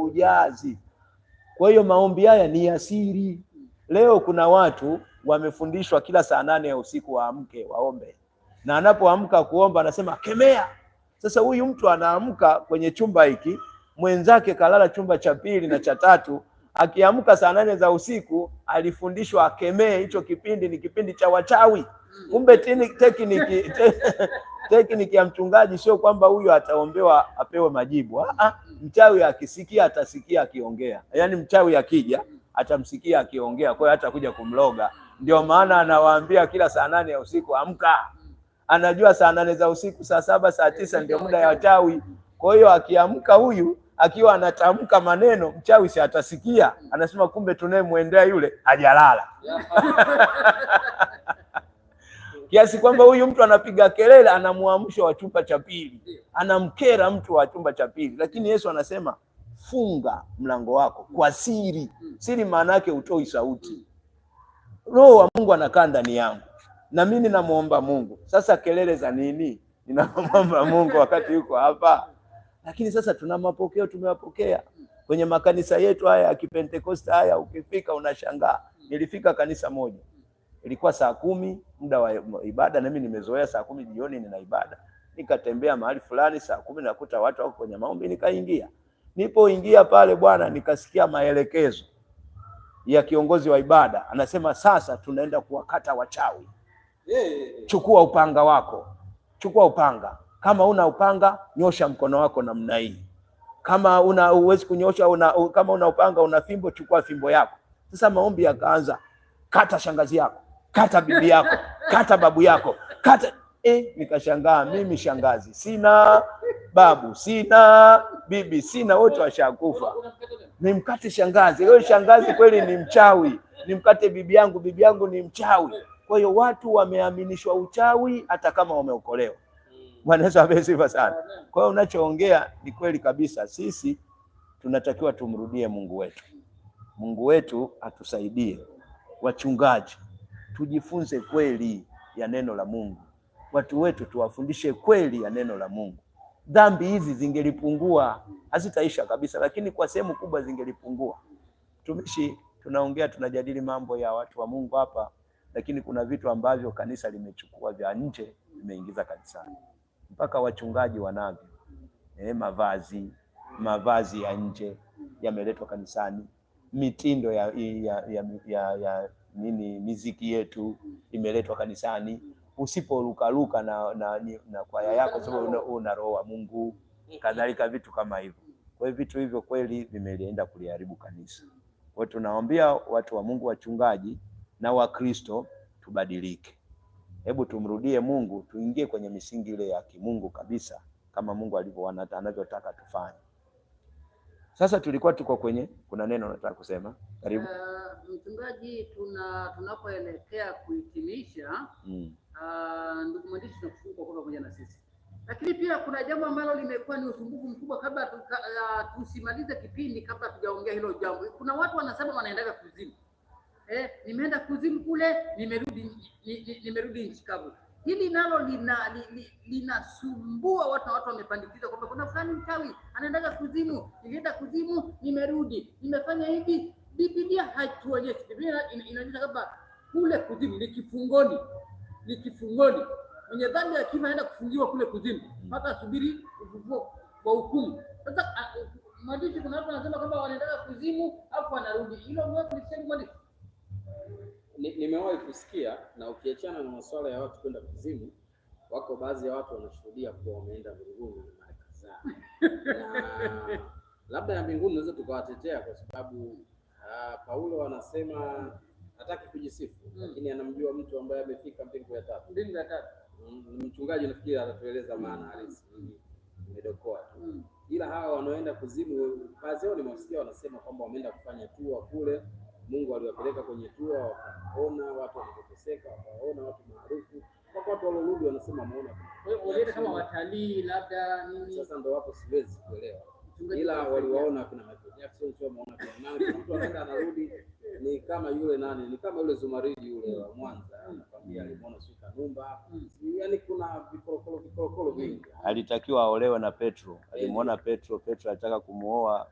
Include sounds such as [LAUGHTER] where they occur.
kujazi. Kwa hiyo maombi haya ni asiri. Leo kuna watu wamefundishwa kila saa nane ya usiku waamke waombe, na anapoamka kuomba anasema kemea. Sasa huyu mtu anaamka kwenye chumba hiki, mwenzake kalala chumba cha pili na cha tatu. Akiamka saa nane za usiku alifundishwa akemee, hicho kipindi ni kipindi cha wachawi. Kumbe tekniki [LAUGHS] Tekniki ya mchungaji sio kwamba huyu ataombewa apewe majibu. Ah, ah, mchawi akisikia atasikia akiongea, yaani mchawi akija atamsikia akiongea, kwa hiyo hatakuja kumloga. Ndio maana anawaambia kila saa nane ya usiku amka. Anajua saa nane za usiku, saa saba, saa tisa ndio muda ya wachawi. Kwa hiyo akiamka huyu akiwa anatamka maneno mchawi si atasikia, anasema kumbe tunayemwendea yule hajalala. [LAUGHS] kiasi kwamba huyu mtu anapiga kelele, anamwamsha wa chumba cha pili, anamkera mtu wa chumba cha pili. Lakini Yesu anasema funga mlango wako kwa siri. Siri maana yake utoi sauti. Roho wa Mungu anakaa ndani yangu na mimi ninamwomba Mungu. Sasa kelele za nini? Ninamwomba [LAUGHS] Mungu wakati yuko hapa. Lakini sasa tuna mapokeo, tumewapokea kwenye makanisa yetu haya ya Kipentekoste haya. Ukifika unashangaa. Nilifika kanisa moja ilikuwa saa kumi muda wa ibada, mimi nimezoea saa kumi jioni nina ibada. Nikatembea mahali fulani saa kumi nakuta watu wako kwenye maombi, nikaingia. Nipoingia pale bwana, nikasikia maelekezo ya kiongozi wa ibada, anasema sasa tunaenda kuwakata wachawi. Chukua upanga wako, chukua upanga. Kama una upanga nyosha mkono wako namna hii, kama una uwezi kunyosha una, kama una upanga una fimbo, chukua fimbo yako. Sasa maombi yakaanza, kata shangazi yako kata bibi yako, kata babu yako, kata E, nikashangaa mimi shangazi sina, babu sina, bibi sina, wote washakufa. Nimkate shangazi leo? Shangazi kweli ni mchawi? Nimkate bibi yangu? Bibi yangu ni mchawi? Kwa hiyo watu wameaminishwa uchawi hata kama wameokolewa. Bwana Yesu apewe sifa sana. Kwa hiyo unachoongea ni kweli kabisa, sisi tunatakiwa tumrudie Mungu wetu. Mungu wetu atusaidie, wachungaji tujifunze kweli ya neno la Mungu, watu wetu tuwafundishe kweli ya neno la Mungu. Dhambi hizi zingelipungua, hazitaisha kabisa, lakini kwa sehemu kubwa zingelipungua. Tumishi, tunaongea tunajadili mambo ya watu wa Mungu hapa, lakini kuna vitu ambavyo kanisa limechukua vya nje limeingiza kanisani, mpaka wachungaji wanavyo. eh, mavazi mavazi ya nje yameletwa kanisani mitindo ya, ya, ya, ya, ya nini miziki yetu imeletwa kanisani. Usiporukaruka na, na, na kwaya yako sababu una, una roho wa Mungu, kadhalika vitu kama hivyo. Kwa hiyo vitu hivyo kweli vimelienda kuliharibu kanisa. Kwa hiyo tunawaambia watu wa Mungu, wachungaji na Wakristo, tubadilike. Hebu tumrudie Mungu, tuingie kwenye misingi ile ya kimungu kabisa, kama Mungu alivyo anavyotaka tufanye. Sasa tulikuwa tuko kwenye, kuna neno nataka kusema, karibu. Uh, mchungaji, tuna tunapoelekea kuhitimisha mm. Uh, ndugu mwandishi, tunakushukuru kwa pamoja na sisi, lakini pia kuna jambo ambalo limekuwa ni usumbufu mkubwa kabla uh, tusimalize kipindi, kabla tujaongea hilo jambo. Kuna watu wanasema wanaendaga kuzimu eh, nimeenda kuzimu kule, nimerudi nimerudi nchi kavu Hili nalo linasumbua li, li, lina watu watu wamepandikiza kwamba kuna fulani mkawi anaendaga kuzimu, nilienda kuzimu, nimerudi, nimefanya hivi. Biblia haituonyeshi. Biblia inaonyesha kwamba kule kuzimu ni kifungoni, ni kifungoni. Mwenye dhambi akiwa anaenda kufungiwa kule kuzimu mpaka asubiri ufufuo wa hukumu. Sasa mwandishi, kuna watu wanasema kwamba wanaendaga kuzimu afu wanarudi. Hilo ndio nimewahi kusikia na ukiachana na masuala ya watu kwenda kuzimu, wako baadhi ya watu wanashuhudia kuwa wameenda mbinguni mara kadhaa, labda ya mbinguni naweza tukawatetea kwa sababu uh, Paulo anasema hataki kujisifu mm, lakini anamjua mtu ambaye amefika mbingu ya tatu. Mbingu ya tatu, mm, mchungaji nafikiri atatueleza maana hmm. halisi, nimedokoa tu mm. Ila hawa wanaoenda kuzimu baadhi yao nimewasikia wanasema kwamba wameenda kufanya tour kule Mungu aliwapeleka kwenye tua, wakaona watu wanateseka, wakaona watu maarufu, mpaka watu walorudi wanasema wameona. Kwa hiyo kama watalii labda nini, sasa ndio wapo, siwezi kuelewa, ila waliwaona kuna Michael Jackson, sio maona kuna nani, mtu anaenda anarudi, ni kama yule nani, ni kama yule Zumaridi yule wa Mwanza hmm. anakwambia alimuona sio Kanumba, hmm. yani kuna vikorokoro vikorokoro vingi. Alitakiwa aolewe na Petro, alimwona Petro, Petro alitaka kumuoa